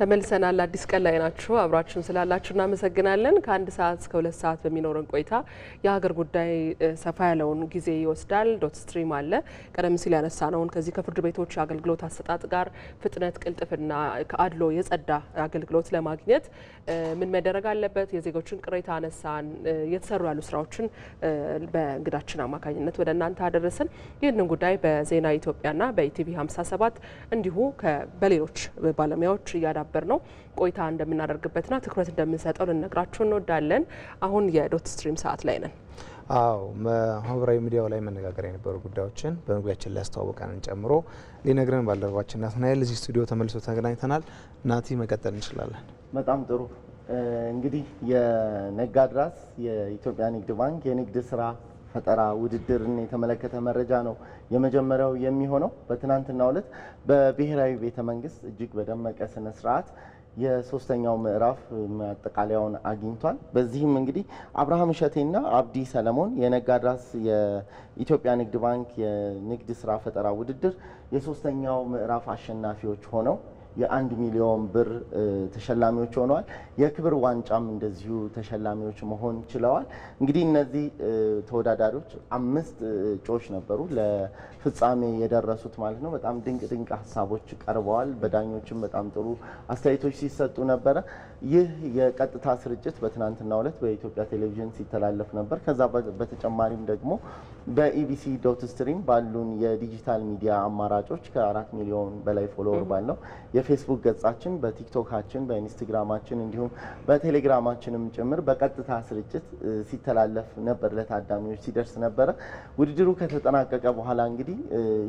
ተመልሰናል። አዲስ ቀን ላይ ናችሁ። አብራችሁን ስላላችሁ እናመሰግናለን። ከአንድ ሰዓት እስከ ሁለት ሰዓት በሚኖረን ቆይታ የሀገር ጉዳይ ሰፋ ያለውን ጊዜ ይወስዳል። ዶት ስትሪም አለ። ቀደም ሲል ያነሳነውን ከዚህ ከፍርድ ቤቶች አገልግሎት አሰጣጥ ጋር ፍጥነት፣ ቅልጥፍና ከአድሎ የጸዳ አገልግሎት ለማግኘት ምን መደረግ አለበት? የዜጎችን ቅሬታ አነሳን። የተሰሩ ያሉ ስራዎችን በእንግዳችን አማካኝነት ወደ እናንተ አደረስን። ይህንን ጉዳይ በዜና ኢትዮጵያና በኢቲቪ 57 እንዲሁ በሌሎች ባለሙያዎች እያዳ ነው ቆይታ እንደምናደርግበትና ትኩረት እንደምንሰጠው ልነግራችሁ እንወዳለን። አሁን የዶት ስትሪም ሰዓት ላይ ነን። አዎ ማህበራዊ ሚዲያው ላይ መነጋገር የነበሩ ጉዳዮችን በመግቢያችን ላይ ያስተዋወቀንን ጨምሮ ሊነግረን ባልደረባችን ናትናኤል እዚህ ስቱዲዮ ተመልሶ ተገናኝተናል። ናቲ መቀጠል እንችላለን። በጣም ጥሩ እንግዲህ የነጋድራስ የኢትዮጵያ ንግድ ባንክ የንግድ ስራ ፈጠራ ውድድርን የተመለከተ መረጃ ነው የመጀመሪያው የሚሆነው። በትናንትናው ዕለት በብሔራዊ ቤተ መንግስት እጅግ በደመቀ ስነ ስርዓት የሶስተኛው ምዕራፍ ማጠቃለያውን አግኝቷል። በዚህም እንግዲህ አብርሃም እሸቴና አብዲ ሰለሞን የነጋድራስ የኢትዮጵያ ንግድ ባንክ የንግድ ስራ ፈጠራ ውድድር የሶስተኛው ምዕራፍ አሸናፊዎች ሆነው የአንድ ሚሊዮን ብር ተሸላሚዎች ሆነዋል። የክብር ዋንጫም እንደዚሁ ተሸላሚዎች መሆን ችለዋል። እንግዲህ እነዚህ ተወዳዳሪዎች አምስት እጩዎች ነበሩ ለፍጻሜ የደረሱት ማለት ነው። በጣም ድንቅ ድንቅ ሀሳቦች ቀርበዋል። በዳኞችም በጣም ጥሩ አስተያየቶች ሲሰጡ ነበረ። ይህ የቀጥታ ስርጭት በትናንትናው ዕለት በኢትዮጵያ ቴሌቪዥን ሲተላለፍ ነበር። ከዛ በተጨማሪም ደግሞ በኢቢሲ ዶት ስትሪም ባሉን የዲጂታል ሚዲያ አማራጮች ከአራት ሚሊዮን በላይ ፎሎወር ባለው የፌስቡክ ገጻችን፣ በቲክቶካችን፣ በኢንስታግራማችን እንዲሁም በቴሌግራማችንም ጭምር በቀጥታ ስርጭት ሲተላለፍ ነበር፣ ለታዳሚዎች ሲደርስ ነበረ። ውድድሩ ከተጠናቀቀ በኋላ እንግዲህ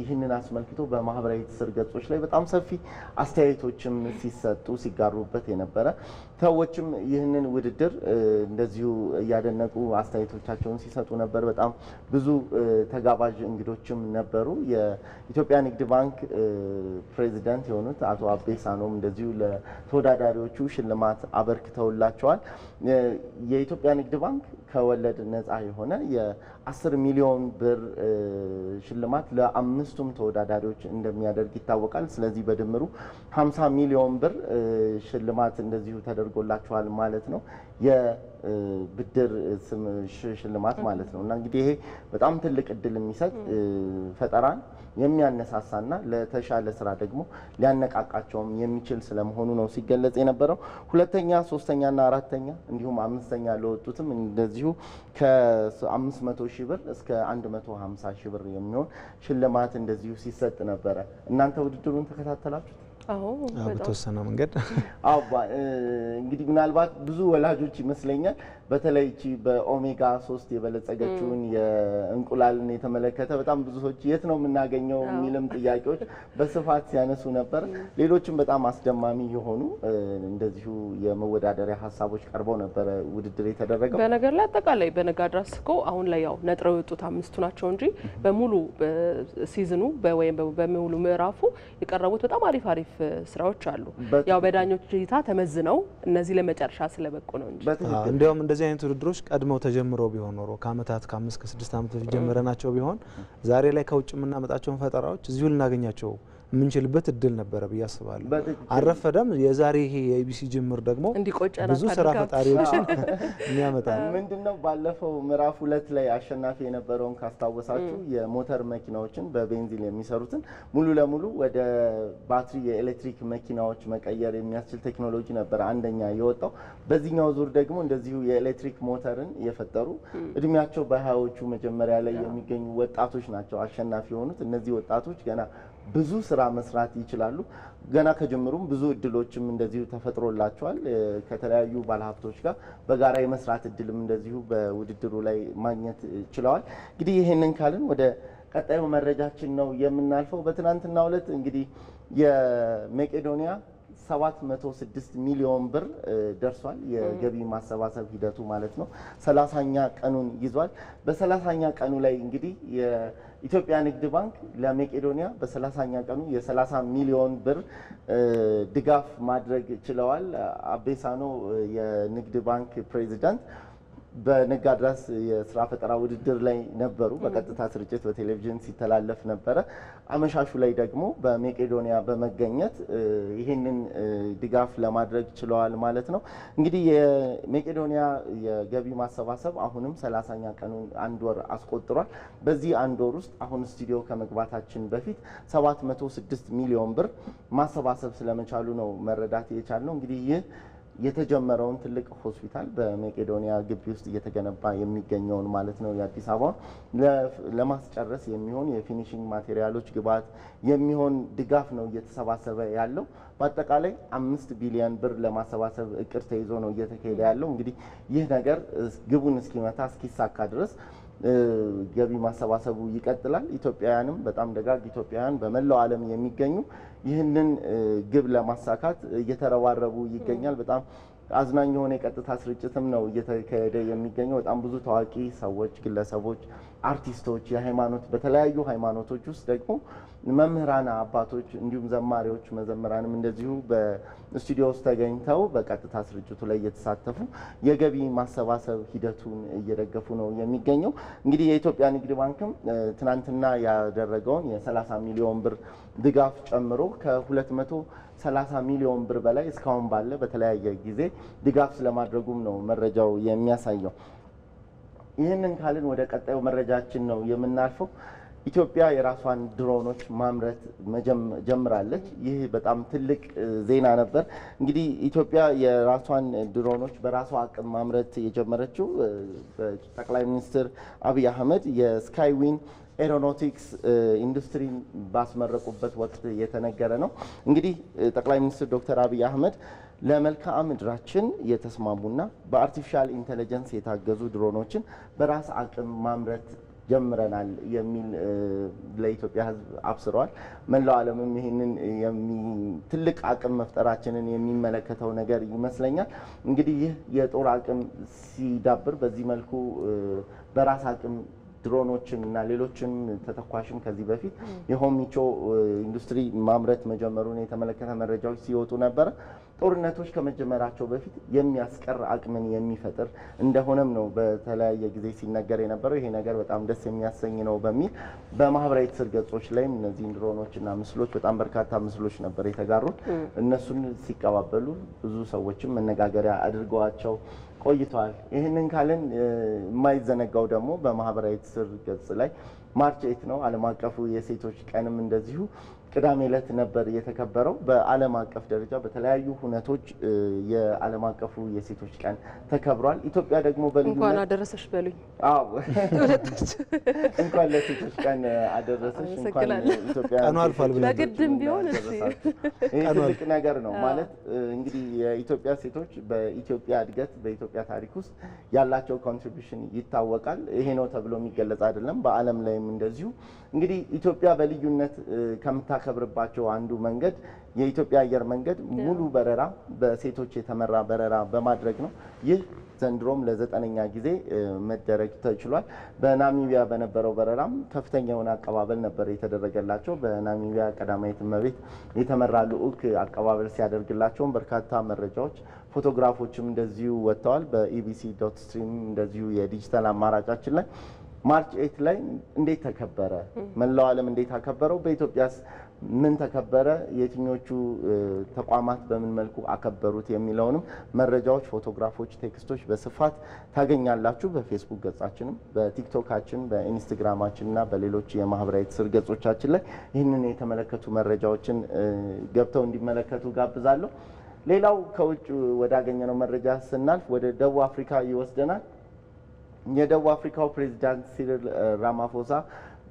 ይህንን አስመልክቶ በማህበራዊ ትስስር ገጾች ላይ በጣም ሰፊ አስተያየቶችም ሲሰጡ ሲጋሩበት የነበረ ሰዎችም ይህንን ውድድር እንደዚሁ እያደነቁ አስተያየቶቻቸውን ሲሰጡ ነበር። በጣም ብዙ ተጋባዥ እንግዶችም ነበሩ። የኢትዮጵያ ንግድ ባንክ ፕሬዚደንት የሆኑት አቶ አቤ ሳኖም እንደዚሁ ለተወዳዳሪዎቹ ሽልማት አበርክተውላቸዋል። የኢትዮጵያ ንግድ ባንክ ከወለድ ነፃ የሆነ የ10 ሚሊዮን ብር ሽልማት ለአምስቱም ተወዳዳሪዎች እንደሚያደርግ ይታወቃል። ስለዚህ በድምሩ 50 ሚሊዮን ብር ሽልማት እንደዚሁ ተደርጓል። ተደርጎላቸዋል ማለት ነው። የብድር ሽልማት ማለት ነው እና እንግዲህ ይሄ በጣም ትልቅ እድል የሚሰጥ ፈጠራን የሚያነሳሳና ለተሻለ ስራ ደግሞ ሊያነቃቃቸውም የሚችል ስለመሆኑ ነው ሲገለጽ የነበረው። ሁለተኛ፣ ሶስተኛና አራተኛ እንዲሁም አምስተኛ ለወጡትም እንደዚሁ ከ መቶ ሺህ ብር እስከ 1መቶ ሀምሳ ሺህ ብር የሚሆን ሽልማት እንደዚሁ ሲሰጥ ነበረ። እናንተ ውድድሩን ተከታተላችሁ? በተወሰነ መንገድ እንግዲህ ምናልባት ብዙ ወላጆች ይመስለኛል በተለይ ቺ በኦሜጋ ሶስት የበለጸገችውን የእንቁላልን የተመለከተ በጣም ብዙ ሰዎች የት ነው የምናገኘው የሚልም ጥያቄዎች በስፋት ሲያነሱ ነበር። ሌሎችም በጣም አስደማሚ የሆኑ እንደዚሁ የመወዳደሪያ ሀሳቦች ቀርበው ነበረ ውድድር የተደረገው። በነገር ላይ አጠቃላይ በነጋድራስ እኮ አሁን ላይ ያው ነጥረው የወጡት አምስቱ ናቸው እንጂ በሙሉ ሲዝኑ ወይም በሙሉ ምዕራፉ የቀረቡት በጣም አሪፍ አሪፍ ስራዎች አሉ። ያው በዳኞች እይታ ተመዝነው እነዚህ ለመጨረሻ ስለበቁ ነው እንጂ እንዲያውም እንደዚህ አይነት ውድድሮች ቀድመው ተጀምሮ ቢሆን ኖሮ ከአመታት ከአምስት ከስድስት ዓመት በፊት ጀምረናቸው ቢሆን ዛሬ ላይ ከውጭ የምናመጣቸውን ፈጠራዎች እዚሁ ልናገኛቸው የምንችልበት እድል ነበረ ብዬ አስባለሁ። አልረፈደም። የዛሬ ይሄ የኢቢሲ ጅምር ደግሞ ብዙ ስራ ፈጣሪዎችን የሚያመጣ ምንድን ነው። ባለፈው ምዕራፍ ሁለት ላይ አሸናፊ የነበረውን ካስታወሳችሁ የሞተር መኪናዎችን በቤንዚን የሚሰሩትን ሙሉ ለሙሉ ወደ ባትሪ የኤሌክትሪክ መኪናዎች መቀየር የሚያስችል ቴክኖሎጂ ነበር አንደኛ የወጣው። በዚህኛው ዙር ደግሞ እንደዚሁ የኤሌክትሪክ ሞተርን የፈጠሩ እድሜያቸው በሀያዎቹ መጀመሪያ ላይ የሚገኙ ወጣቶች ናቸው አሸናፊ የሆኑት። እነዚህ ወጣቶች ገና ብዙ ስራ መስራት ይችላሉ። ገና ከጀምሩም ብዙ እድሎችም እንደዚሁ ተፈጥሮላቸዋል። ከተለያዩ ባለሀብቶች ጋር በጋራ የመስራት እድልም እንደዚሁ በውድድሩ ላይ ማግኘት ችለዋል። እንግዲህ ይህንን ካልን ወደ ቀጣዩ መረጃችን ነው የምናልፈው። በትናንትናው ዕለት እንግዲህ የመቄዶንያ 706 ሚሊዮን ብር ደርሷል። የገቢ ማሰባሰብ ሂደቱ ማለት ነው። ሰላሳኛ ቀኑን ይዟል። በሰላሳኛ ቀኑ ላይ እንግዲህ የኢትዮጵያ ንግድ ባንክ ለመቄዶንያ በሰላሳኛ ቀኑ የ30 ሚሊዮን ብር ድጋፍ ማድረግ ችለዋል። አቤሳኖ የንግድ ባንክ ፕሬዚዳንት በነጋ የስራ ፈጠራ ውድድር ላይ ነበሩ። በቀጥታ ስርጭት በቴሌቪዥን ሲተላለፍ ነበረ። አመሻሹ ላይ ደግሞ በሜቄዶኒያ በመገኘት ይህንን ድጋፍ ለማድረግ ችለዋል ማለት ነው። እንግዲህ የመቄዶንያ የገቢ ማሰባሰብ አሁንም ሰላሳኛ ቀኑን አንድ ወር አስቆጥሯል። በዚህ አንድ ወር ውስጥ አሁን ስቱዲዮ ከመግባታችን በፊት 706 ሚሊዮን ብር ማሰባሰብ ስለመቻሉ ነው መረዳት የቻልነው እንግዲህ ይህ የተጀመረውን ትልቅ ሆስፒታል በመቄዶኒያ ግቢ ውስጥ እየተገነባ የሚገኘውን ማለት ነው የአዲስ አበባ ለማስጨረስ የሚሆን የፊኒሽንግ ማቴሪያሎች ግብዓት የሚሆን ድጋፍ ነው እየተሰባሰበ ያለው። በአጠቃላይ አምስት ቢሊዮን ብር ለማሰባሰብ እቅድ ተይዞ ነው እየተካሄደ ያለው። እንግዲህ ይህ ነገር ግቡን እስኪመታ እስኪሳካ ድረስ ገቢ ማሰባሰቡ ይቀጥላል። ኢትዮጵያውያንም በጣም ደጋግ ኢትዮጵያውያን በመላው ዓለም የሚገኙ ይህንን ግብ ለማሳካት እየተረባረቡ ይገኛል። በጣም አዝናኝ የሆነ የቀጥታ ስርጭትም ነው እየተካሄደ የሚገኘው። በጣም ብዙ ታዋቂ ሰዎች፣ ግለሰቦች፣ አርቲስቶች የሃይማኖት በተለያዩ ሃይማኖቶች ውስጥ ደግሞ መምህራን አባቶች፣ እንዲሁም ዘማሪዎች መዘምራንም እንደዚሁ ስቱዲዮ ውስጥ ተገኝተው በቀጥታ ስርጭቱ ላይ እየተሳተፉ የገቢ ማሰባሰብ ሂደቱን እየደገፉ ነው የሚገኘው። እንግዲህ የኢትዮጵያ ንግድ ባንክም ትናንትና ያደረገውን የ30 ሚሊዮን ብር ድጋፍ ጨምሮ ከ230 ሚሊዮን ብር በላይ እስካሁን ባለ በተለያየ ጊዜ ድጋፍ ስለማድረጉም ነው መረጃው የሚያሳየው። ይህንን ካልን ወደ ቀጣዩ መረጃችን ነው የምናልፈው። ኢትዮጵያ የራሷን ድሮኖች ማምረት ጀምራለች። ይህ በጣም ትልቅ ዜና ነበር። እንግዲህ ኢትዮጵያ የራሷን ድሮኖች በራሷ አቅም ማምረት የጀመረችው ጠቅላይ ሚኒስትር አብይ አህመድ የስካይዊን ኤሮኖቲክስ ኢንዱስትሪን ባስመረቁበት ወቅት የተነገረ ነው። እንግዲህ ጠቅላይ ሚኒስትር ዶክተር አብይ አህመድ ለመልክዓ ምድራችን የተስማሙና በአርቲፊሻል ኢንቴሊጀንስ የታገዙ ድሮኖችን በራስ አቅም ማምረት ጀምረናል የሚል ለኢትዮጵያ ሕዝብ አብስረዋል። መላው ዓለምም ይህንን ትልቅ አቅም መፍጠራችንን የሚመለከተው ነገር ይመስለኛል። እንግዲህ ይህ የጦር አቅም ሲዳብር በዚህ መልኩ በራስ አቅም ድሮኖችን እና ሌሎችም ተተኳሽም ከዚህ በፊት የሆሚቾ ኢንዱስትሪ ማምረት መጀመሩን የተመለከተ መረጃዎች ሲወጡ ነበረ። ጦርነቶች ከመጀመራቸው በፊት የሚያስቀር አቅምን የሚፈጥር እንደሆነም ነው በተለያየ ጊዜ ሲነገር የነበረው። ይሄ ነገር በጣም ደስ የሚያሰኝ ነው በሚል በማህበራዊ ትስስር ገጾች ላይም እነዚህን ድሮኖችና ምስሎች በጣም በርካታ ምስሎች ነበር የተጋሩት። እነሱን ሲቀባበሉ ብዙ ሰዎችም መነጋገሪያ አድርገዋቸው ቆይተዋል። ይህንን ካልን የማይዘነጋው ደግሞ በማህበራዊ ትስስር ገጽ ላይ ማርች ኤት ነው ዓለም አቀፉ የሴቶች ቀንም እንደዚሁ ቅዳሜ ዕለት ነበር የተከበረው። በዓለም አቀፍ ደረጃ በተለያዩ ሁነቶች የዓለም አቀፉ የሴቶች ቀን ተከብሯል። ኢትዮጵያ ደግሞ እንኳን አደረሰሽ በሉኝ። አዎ እንኳን ለሴቶች ቀን አደረሰሽ። እንኳን ኢትዮጵያ ቀኑ አልፏል ብለህ በግድም ቢሆን ይህ ትልቅ ነገር ነው ማለት እንግዲህ የኢትዮጵያ ሴቶች በኢትዮጵያ እድገት በኢትዮጵያ ታሪክ ውስጥ ያላቸው ኮንትሪቢሽን ይታወቃል። ይሄ ነው ተብሎ የሚገለጽ አይደለም። በዓለም ላይም እንደዚሁ እንግዲህ ኢትዮጵያ በልዩነት ከምታ የምታከብርባቸው አንዱ መንገድ የኢትዮጵያ አየር መንገድ ሙሉ በረራ በሴቶች የተመራ በረራ በማድረግ ነው። ይህ ዘንድሮም ለዘጠነኛ ጊዜ መደረግ ተችሏል። በናሚቢያ በነበረው በረራም ከፍተኛ የሆነ አቀባበል ነበር የተደረገላቸው። በናሚቢያ ቀዳማዊት እመቤት የተመራ ልዑክ አቀባበል ሲያደርግላቸውም በርካታ መረጃዎች፣ ፎቶግራፎችም እንደዚሁ ወጥተዋል። በኢቢሲ ዶት ስትሪም እንደዚሁ የዲጂታል አማራጫችን ላይ ማርች ኤት ላይ እንዴት ተከበረ፣ መላው ዓለም እንዴት አከበረው፣ በኢትዮጵያስ ምን ተከበረ፣ የትኞቹ ተቋማት በምን መልኩ አከበሩት የሚለውንም መረጃዎች፣ ፎቶግራፎች፣ ቴክስቶች በስፋት ታገኛላችሁ። በፌስቡክ ገጻችንም፣ በቲክቶካችን፣ በኢንስትግራማችን እና በሌሎች የማህበራዊ ትስስር ገጾቻችን ላይ ይህንን የተመለከቱ መረጃዎችን ገብተው እንዲመለከቱ ጋብዛለሁ። ሌላው ከውጭ ወዳገኘነው መረጃ ስናልፍ ወደ ደቡብ አፍሪካ ይወስደናል። የደቡብ አፍሪካው ፕሬዚዳንት ሲሪል ራማፎሳ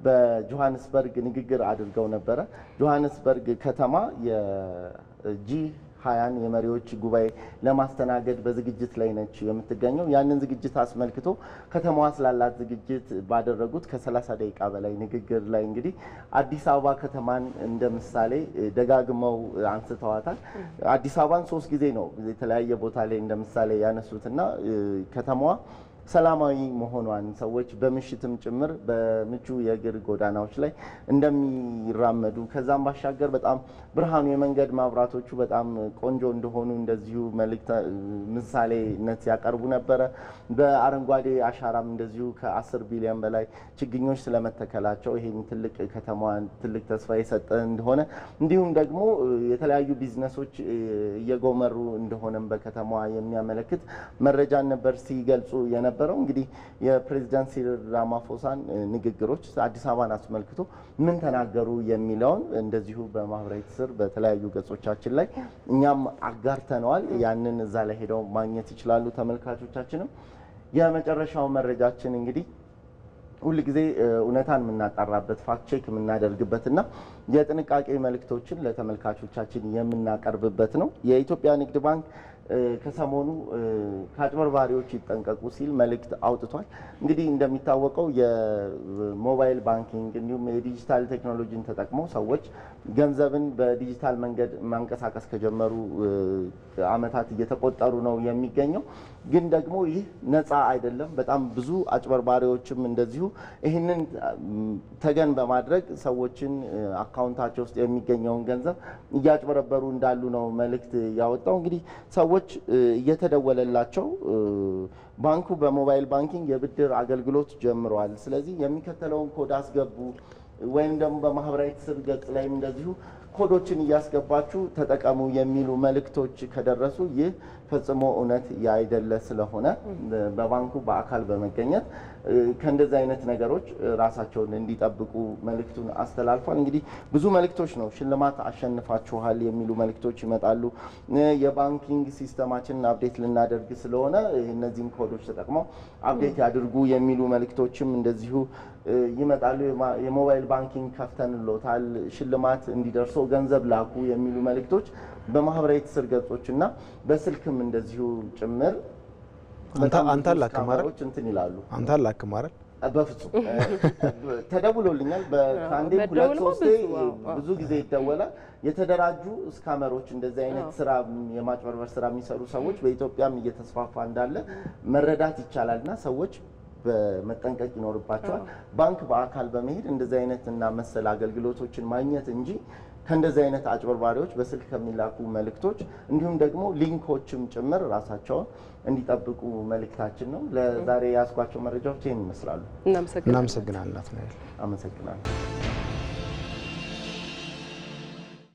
በጆሃንስበርግ ንግግር አድርገው ነበረ። ጆሃንስበርግ ከተማ የጂ ሀያን የመሪዎች ጉባኤ ለማስተናገድ በዝግጅት ላይ ነች የምትገኘው። ያንን ዝግጅት አስመልክቶ ከተማዋ ስላላት ዝግጅት ባደረጉት ከ30 ደቂቃ በላይ ንግግር ላይ እንግዲህ አዲስ አበባ ከተማን እንደ ምሳሌ ደጋግመው አንስተዋታል። አዲስ አበባን ሶስት ጊዜ ነው የተለያየ ቦታ ላይ እንደ ምሳሌ ያነሱትና ከተማዋ ሰላማዊ መሆኗን ሰዎች በምሽትም ጭምር በምቹ የእግር ጎዳናዎች ላይ እንደሚራመዱ ከዛም ባሻገር በጣም ብርሃኑ የመንገድ ማብራቶቹ በጣም ቆንጆ እንደሆኑ እንደዚሁ መልእክት ምሳሌነት ያቀርቡ ነበረ። በአረንጓዴ አሻራም እንደዚሁ ከአስር ቢሊዮን በላይ ችግኞች ስለመተከላቸው ይሄም ትልቅ ከተማዋ ትልቅ ተስፋ የሰጠ እንደሆነ እንዲሁም ደግሞ የተለያዩ ቢዝነሶች እየጎመሩ እንደሆነም በከተማዋ የሚያመለክት መረጃን ነበር ሲገልጹ የነበ የነበረው። እንግዲህ የፕሬዚዳንት ሲሪል ራማፎሳን ንግግሮች አዲስ አበባን አስመልክቶ ምን ተናገሩ የሚለውን እንደዚሁ በማህበራዊ ትስስር በተለያዩ ገጾቻችን ላይ እኛም አጋርተነዋል። ያንን እዛ ላይ ሄደው ማግኘት ይችላሉ ተመልካቾቻችንም። የመጨረሻው መረጃችን እንግዲህ ሁል ጊዜ እውነታን የምናጣራበት ፋክቼክ የምናደርግበትና የጥንቃቄ መልእክቶችን ለተመልካቾቻችን የምናቀርብበት ነው። የኢትዮጵያ ንግድ ባንክ ከሰሞኑ ከአጭበርባሪዎች ይጠንቀቁ ሲል መልእክት አውጥቷል። እንግዲህ እንደሚታወቀው የሞባይል ባንኪንግ እንዲሁም የዲጂታል ቴክኖሎጂን ተጠቅመው ሰዎች ገንዘብን በዲጂታል መንገድ ማንቀሳቀስ ከጀመሩ ዓመታት እየተቆጠሩ ነው የሚገኘው። ግን ደግሞ ይህ ነፃ አይደለም። በጣም ብዙ አጭበርባሪዎችም እንደዚሁ ይህንን ተገን በማድረግ ሰዎችን አካውንታቸው ውስጥ የሚገኘውን ገንዘብ እያጭበረበሩ እንዳሉ ነው መልእክት ያወጣው። እንግዲህ ሰዎች ሰዎች እየተደወለላቸው ባንኩ በሞባይል ባንኪንግ የብድር አገልግሎት ጀምረዋል። ስለዚህ የሚከተለውን ኮድ አስገቡ ወይም ደግሞ በማህበራዊ ትስስር ገጽ ላይም እንደዚሁ ኮዶችን እያስገባችሁ ተጠቀሙ የሚሉ መልእክቶች ከደረሱ ይህ ፈጽሞ እውነት ያይደለ ስለሆነ በባንኩ በአካል በመገኘት ከእንደዚህ አይነት ነገሮች ራሳቸውን እንዲጠብቁ መልእክቱን አስተላልፏል። እንግዲህ ብዙ መልእክቶች ነው። ሽልማት አሸንፋችኋል የሚሉ መልእክቶች ይመጣሉ። የባንኪንግ ሲስተማችንን አብዴት ልናደርግ ስለሆነ እነዚህን ኮዶች ተጠቅመው አብዴት ያድርጉ የሚሉ መልእክቶችም እንደዚሁ ይመጣሉ። የሞባይል ባንኪንግ ከፍተንሎታል፣ ሽልማት እንዲደርሰው ገንዘብ ላኩ የሚሉ መልእክቶች በማህበራዊ ትስስር ገጾችና በስልክ እንደዚሁ ጭምር አንተ አላክም አይደል? እንትን ይላሉ። አንተ አላክም አይደል? በፍጹም ተደውሎልኛል። ከአንዴ ሁለት ሶስቴ ብዙ ጊዜ ይደወላል። የተደራጁ እስካመሮች እንደዚህ አይነት ስራ የማጭበርበር ስራ የሚሰሩ ሰዎች በኢትዮጵያም እየተስፋፋ እንዳለ መረዳት ይቻላል እና ሰዎች በመጠንቀቅ ይኖርባቸዋል። ባንክ በአካል በመሄድ እንደዚህ አይነት እና መሰል አገልግሎቶችን ማግኘት እንጂ ከእንደዚህ አይነት አጭበርባሪዎች በስልክ ከሚላኩ መልእክቶች እንዲሁም ደግሞ ሊንኮችም ጭምር ራሳቸውን እንዲጠብቁ መልእክታችን ነው። ለዛሬ ያስኳቸው መረጃዎች ይህን ይመስላሉ። እናመሰግናለን። አመሰግናለሁ።